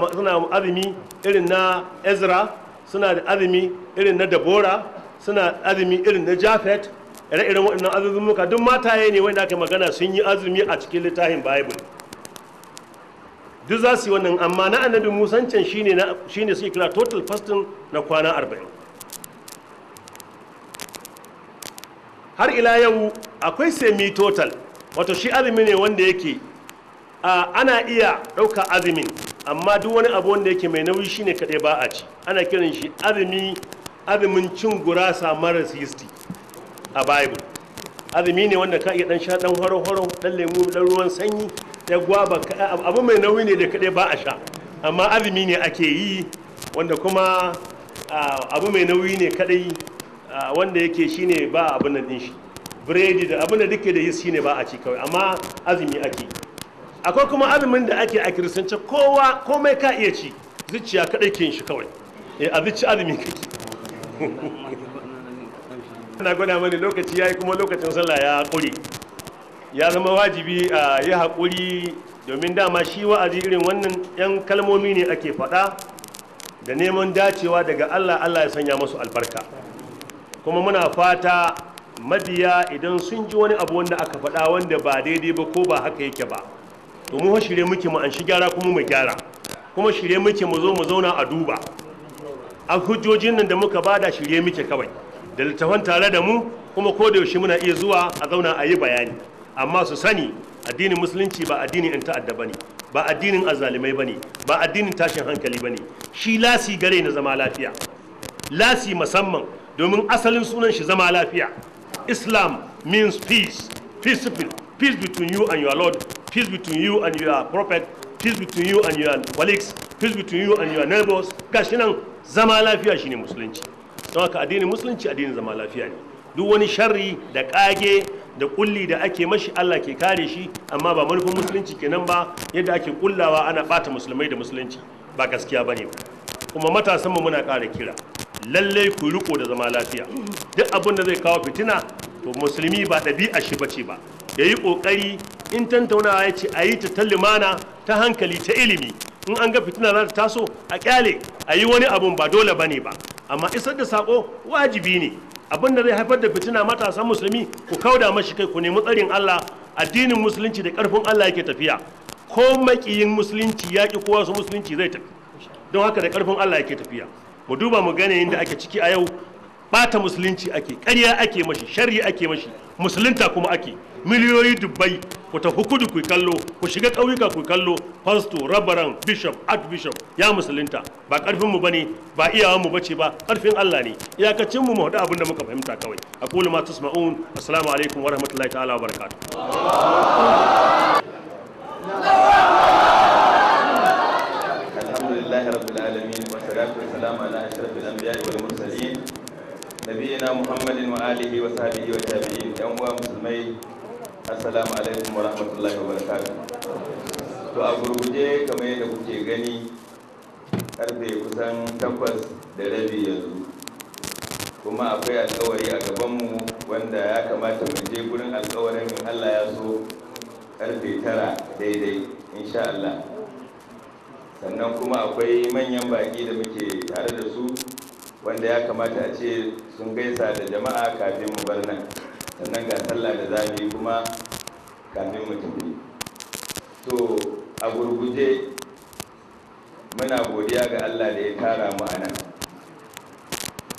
[SPEAKER 4] azumi irin na ezra suna da azumi irin na dabora suna azumi irin na jafet ire-iren waɗannan muka duk mataye ne wanda aka magana sun yi azumi a cikin littafin bible duk za su yi wannan amma na annabi musancin shi ne suke kira total fasting na kwana arba'in har ila yau akwai semi total wato shi azumi ne wanda yake ana iya ɗauka azumin amma duk wani abu wanda yake mai nauyi shine kaɗai ba a ci ana kiran shi azumi azumin cin gurasa mara yisti a bible azumi ne wanda ka iya dan sha dan horo horo dan lemu dan ruwan sanyi da gwaba abu mai nauyi ne da kade ba a sha amma azumi ne ake yi wanda kuma abu mai nauyi ne kadai wanda yake shine ba abun nan din shi biredi da abin da duke da yi shine ba a ci kawai amma azumi ake akwai kuma azumin da ake a kiristance kowa komai ka iya ci zuciya kadai ke shi kawai eh, a zuci azumi kake na gwada mani lokaci ya yi kuma lokacin sallah ya haƙuri ya zama wajibi a yi haƙuri domin dama shi wa'azi irin wannan 'yan kalmomi ne ake faɗa da neman dacewa daga allah allah ya sanya masu albarka kuma muna fata mabiya idan sun ji wani abu wanda aka faɗa wanda ba daidai ba ko ba haka yake ba to mu shirye muke mu an shi gyara kuma mu gyara kuma shirye muke mu zo mu zauna a duba a hujjojin nan da muka bada shirye muke kawai da littafan tare da mu kuma ko da yaushe muna iya zuwa a zauna a yi bayani amma su sani addinin musulunci ba addinin 'yan ta'adda bane ba addinin azalimai bane ba addinin tashin hankali ba ne shi lasi gare na zama lafiya lasi musamman domin asalin sunan shi zama lafiya islam means peace peaceful peace between you and your lord peace between you and your prophet peace between you and your colleagues peace between you and your neighbors gashi nan zama lafiya shine musulunci don haka addinin musulunci addinin zama lafiya ne duk wani sharri da kage da kulli da ake mashi Allah ke kare shi amma ba manufin musulunci kenan ba yadda ake kullawa ana bata musulmai da musulunci ba gaskiya bane kuma matasanmu muna kara kira lallai ku riko da zama lafiya duk abin da zai kawo fitina to musulmi ba dabi'a shi bace ba ya yi ƙoƙari in tantaunawa ya ce a yi ta tallimana ta hankali ta ilimi in an ga fitina za ta taso a kyale a yi wani abun ba dole bane ba amma isar da sako wajibi ne abin da zai haifar da fitina matasan musulmi ku kauda mashi kai ku nemi tsarin Allah addinin musulunci da karfin Allah yake tafiya ko makiyin musulunci ya ki kowa su musulunci zai tafi don haka da karfin Allah yake tafiya mu duba mu gane inda ake ciki a yau bata musulunci ake ƙarya ake mashi sharri ake mashi musulunta kuma ake miliyoyi dubbai ku ta hukudu ku kallo ku shiga ƙauyuka ku kallo fasto rabaran bishop archbishop ya musulunta ba ƙarfinmu mu bane ba iyawanmu ba ce ba ƙarfin allah ne iyakacin mu haɗu abin da muka fahimta kawai a ma tasma'un assalamu alaikum wa rahmatullahi ta'ala wa barakatuh
[SPEAKER 5] sayyidina muhammadin wa alihi wa sahbihi wa tabi'in yan uwa musulmai assalamu alaikum wa rahmatullahi wa barakatuh to a gurguje kamar yadda kuke gani karfe kusan takwas da rabi yanzu kuma akwai alkawari a gabanmu wanda ya kamata mu je gurin alkawarin in Allah ya so karfe tara daidai insha Allah sannan kuma akwai manyan baki da muke tare da su wanda ya kamata a ce sun gaisa da jama'a kafin mu bar nan sannan ga sallah da zafi kuma kafin mu tafi to a gurguje muna godiya ga Allah da ya tara mu a nan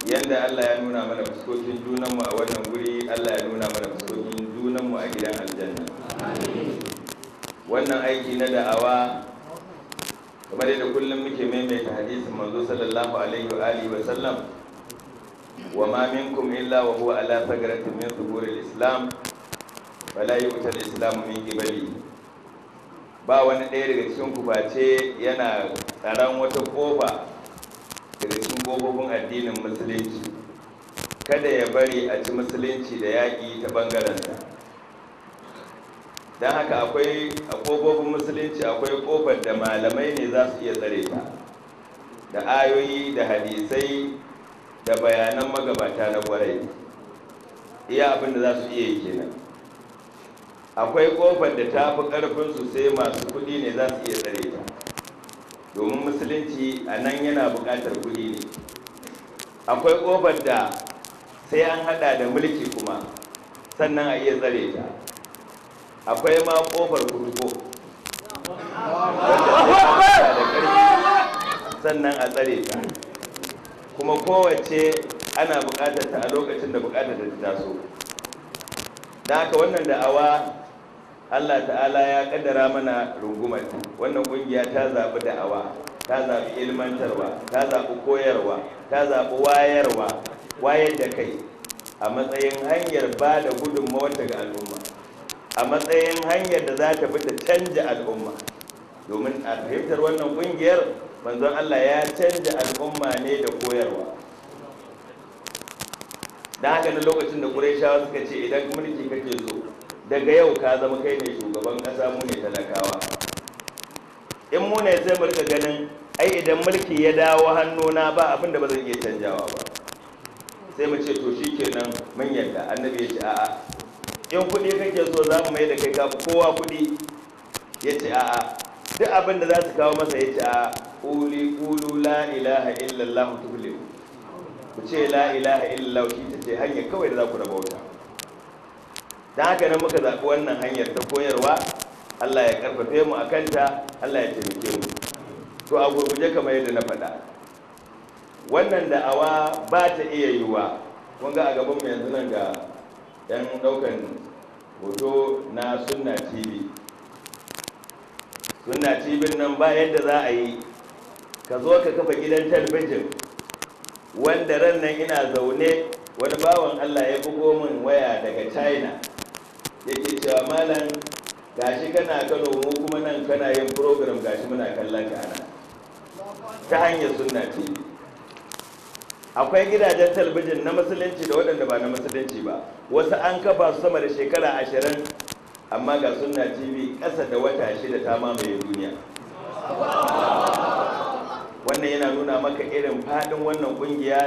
[SPEAKER 5] yadda Allah ya nuna mana fuskokin junanmu a wannan guri Allah ya nuna mana fuskokin junanmu a gidan aljanna wannan aiki na da'awa kamar yadda kullum muke maimaita hadisin manzo sallallahu alaihi wa alihi wa sallam wa ma minkum illa wa huwa ala fagratin min zuhuril islam wala yu'tal islamu min qibali ba wani ɗaya daga cikin ku ce yana tsaron wata kofa daga cikin kofofin addinin musulunci kada ya bari a ci musulunci da yaƙi ta ɓangarensa don haka akwai kofofin musulunci akwai kofar da malamai ne za su iya tsare ta da ayoyi da hadisai da bayanan magabata na kwarai iya abin da za su iya yi kenan akwai kofar da ta fi ƙarfinsu sai masu kuɗi ne za su iya tsare ta domin musulunci a nan yana bukatar kuɗi ne akwai kofar da sai an haɗa da mulki kuma sannan a iya tsare ta akwai ma kofar kurko sannan a tsare ta kuma kowace ana bukatar ta a lokacin da buƙatar ta taso da haka wannan da'awa Allah ta'ala ya kaddara mana rungumar wannan kungiya ta zaɓi da'awa ta zaɓi ilmantarwa ta zaɓi koyarwa ta zaɓi wayarwa wayar da kai a matsayin hanyar ba da gudunmawar daga al'umma a matsayin hanyar da za ta fita ta canja al'umma domin a fahimtar wannan kungiyar manzon Allah ya canja al'umma ne da koyarwa da haka na lokacin da shawar suka ce idan mulki kake so daga yau ka zama kai ne shugaban ƙasa mu ne talakawa in mu ne sai mu rika ganin ai idan mulki ya dawo hannuna ba abin da ba zan iya canjawa ba sai mu ce to shikenan mun yarda annabi ya ce a'a in kuɗi kake so za mu mai da kai kafa kowa kuɗi ya ce a'a duk abin da za su kawo masa ya ce a'a kuli kulu la ilaha illallah tuhlihu ku ce la ilaha illallah shi ta ce hanyar kawai da za ku raba wuta don haka nan muka zaɓi wannan hanyar ta koyarwa Allah ya karfafe mu a kanta Allah ya taimake mu to a gurguje kamar yadda na faɗa wannan da'awa ba ta iya yiwuwa kun ga a gaban mu yanzu nan ga 'yan ɗaukan hoto na sunna tv sunna tv nan ba yadda za a yi ka zo ka kafa gidan talbijin wanda ran nan ina zaune wani bawan allah ya bugo min waya daga china yake cewa malam gashi kana kano mu kuma nan kana yin program gashi muna kallon ka ana ta hanyar sunna tv akwai gidajen talbijin na musulunci da waɗanda ba na musulunci ba wasu an kafa su sama da shekara ashirin amma ga sunna tv ƙasa da wata shida ta mamaye duniya wannan yana nuna maka irin faɗin wannan ƙungiya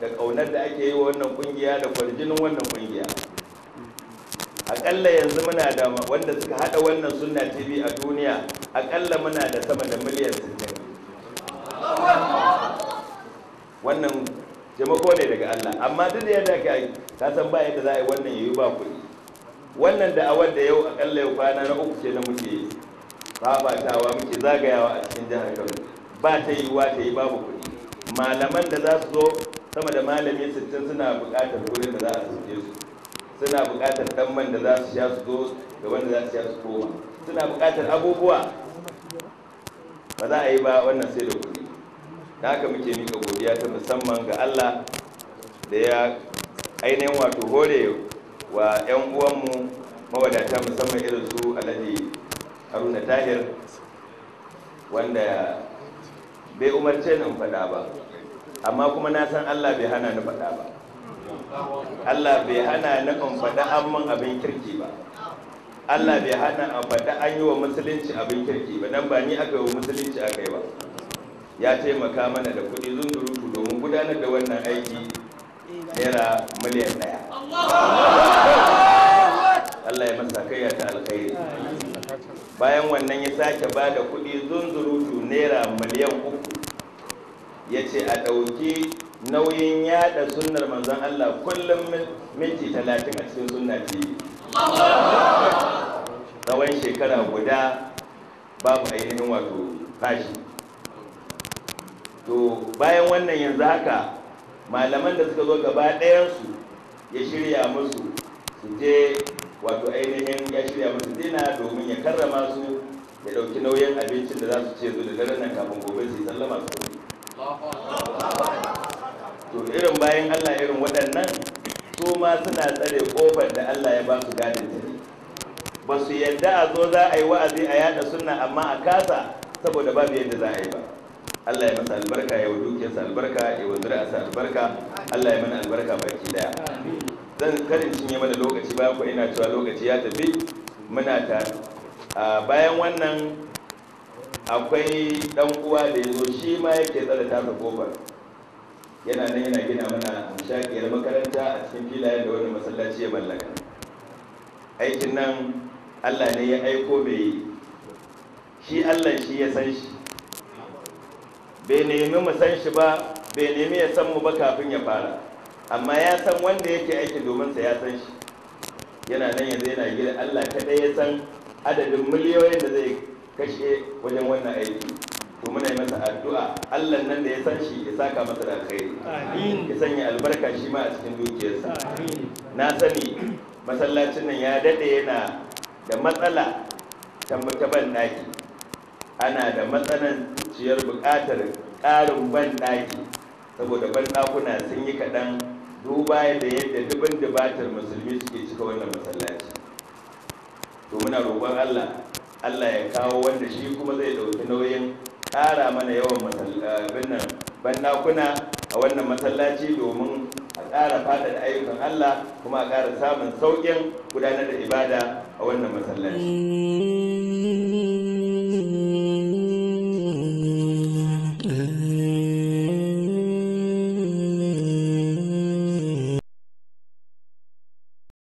[SPEAKER 5] da ƙaunar da ake yi wa wannan ƙungiya da kwarjinin wannan ƙungiya aƙalla yanzu muna da wanda suka haɗa wannan sunna tv a duniya aƙalla muna da sama da miliyan 60 wannan taimako ne daga Allah amma duk da yadda kai yi ka san ba yadda za a yi wannan yayi ba kuɗi wannan da awar da yau akalla yau kwana na uku ce na muke fafatawa muke zagayawa a cikin jihar Kano ba ta yi wa ta yi babu kuɗi malaman da za su zo sama da malami sittin suna buƙatar wurin da za a suje su suna buƙatar ɗan man da za su sha su zo da wanda za su sha su koma suna buƙatar abubuwa ba za a yi ba wannan sai da kuɗi da haka muke mika godiya ta musamman ga allah da ya ainihin wato hore wa 'yan uwanmu mawadata musamman irin su alhaji haruna tahir wanda bai umarce nan fada ba amma kuma na san allah bai hana na fada ba allah bai hana na in an amman abin kirki ba allah bai hana a fada an yi wa musulunci abin kirki ba nan ba ni aka yi wa musulunci aka yi ba ya taimaka mana da kuɗi zunzurutu domin gudanar da wannan aiki naira miliyan ɗaya Allah ya masa kai ta alkhairi bayan wannan ya sake ba da kuɗi zunzurutu naira miliyan uku ya ce a ɗauki nauyin yada sunnar manzon Allah kullum minti talatin a cikin sunna ce tsawon shekara guda babu ainihin wato fashi to bayan wannan yanzu haka malaman da suka zo gaba ɗayansu ya shirya musu su je wato ainihin ya shirya musu dina domin ya karrama su ya ɗauki nauyin abincin da za su ce zo da daren nan kafin gobe su yi sallama su to irin bayan allah irin waɗannan su ma suna tsare kofar da allah ya ba su gadin ta ba su yadda a zo za a yi wa'azi a yada sunna amma a kasa saboda babu yadda za a yi Allah ya masa albarka ya wa dukiyarsa albarka ya wanzura zuri'arsa albarka Allah ya mana albarka baki daya zan karin cinye mana lokaci ba ku ina cewa lokaci ya tafi muna ta bayan wannan akwai dan uwa da ya zo shi ma yake tsare tasa kofar yana nan yana gina mana shaƙiyar makaranta a cikin filayen da wani masallaci ya mallaka aikin nan Allah ne ya aiko mai yi shi Allah shi ya san shi bai nemi mu san shi ba bai nemi ya san mu ba kafin ya fara amma ya san wanda yake aiki domin sa ya san shi yana nan yanzu yana gida Allah kaɗai ya san adadin miliyoyin da zai kashe wajen wannan aiki to muna yi masa addu'a Allah nan da ya san shi ya saka masa da alkhairi ya sanya albarka shi ma a cikin dukiyarsa na sani masallacin nan ya dade yana da matsala ta ban naki ana da matsananciyar buƙatar ƙarin banɗaki saboda banɗakuna sun yi kaɗan duba da yadda dubin dubatar musulmi suke cika wannan masallaci to muna roƙon allah allah ya kawo wanda shi kuma zai ɗauki nauyin ƙara mana yawan nan banɗakuna a wannan masallaci domin a ƙara fada da ayyukan allah kuma a ƙara samun sauƙin gudanar da ibada a
[SPEAKER 1] wannan masallaci